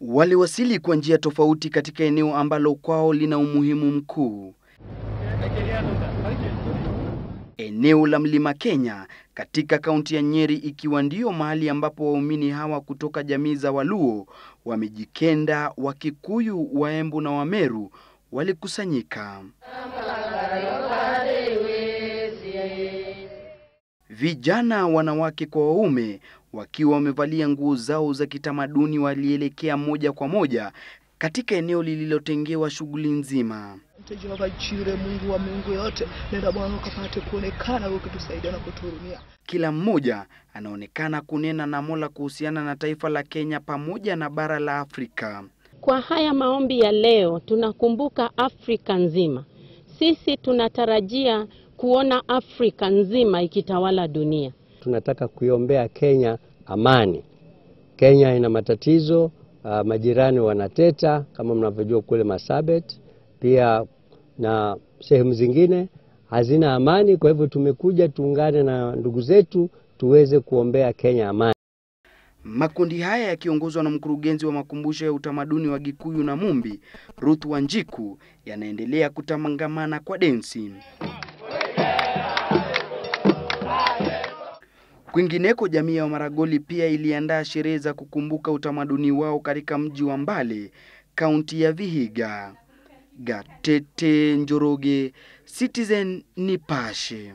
Waliwasili kwa njia tofauti katika eneo ambalo kwao lina umuhimu mkuu, eneo la Mlima Kenya katika kaunti ya Nyeri, ikiwa ndiyo mahali ambapo waumini hawa kutoka jamii za Waluo, Wamijikenda, Wakikuyu, Waembu na Wameru walikusanyika. Vijana, wanawake kwa waume Wakiwa wamevalia nguo zao za kitamaduni, walielekea moja kwa moja katika eneo lililotengewa shughuli nzima. Mungu wa Mungu yote, nenda Bwana ukapate kuonekana ukitusaidia na kutuhurumia. Kila mmoja anaonekana kunena na Mola kuhusiana na taifa la Kenya pamoja na bara la Afrika. Kwa haya maombi ya leo, tunakumbuka Afrika nzima. Sisi tunatarajia kuona Afrika nzima ikitawala dunia. Tunataka kuiombea Kenya amani. Kenya ina matatizo uh, majirani wanateta kama mnavyojua kule Masabet, pia na sehemu zingine hazina amani. Kwa hivyo tumekuja tuungane na ndugu zetu tuweze kuombea Kenya amani. Makundi haya yakiongozwa na mkurugenzi wa makumbusho ya utamaduni wa Gikuyu na Mumbi, Ruth Wanjiku, yanaendelea kutamangamana kwa densi. Kwingineko, jamii ya Wamaragoli pia iliandaa sherehe za kukumbuka utamaduni wao katika mji wa Mbale, kaunti ya Vihiga. Gatete Njoroge, Citizen Nipashe.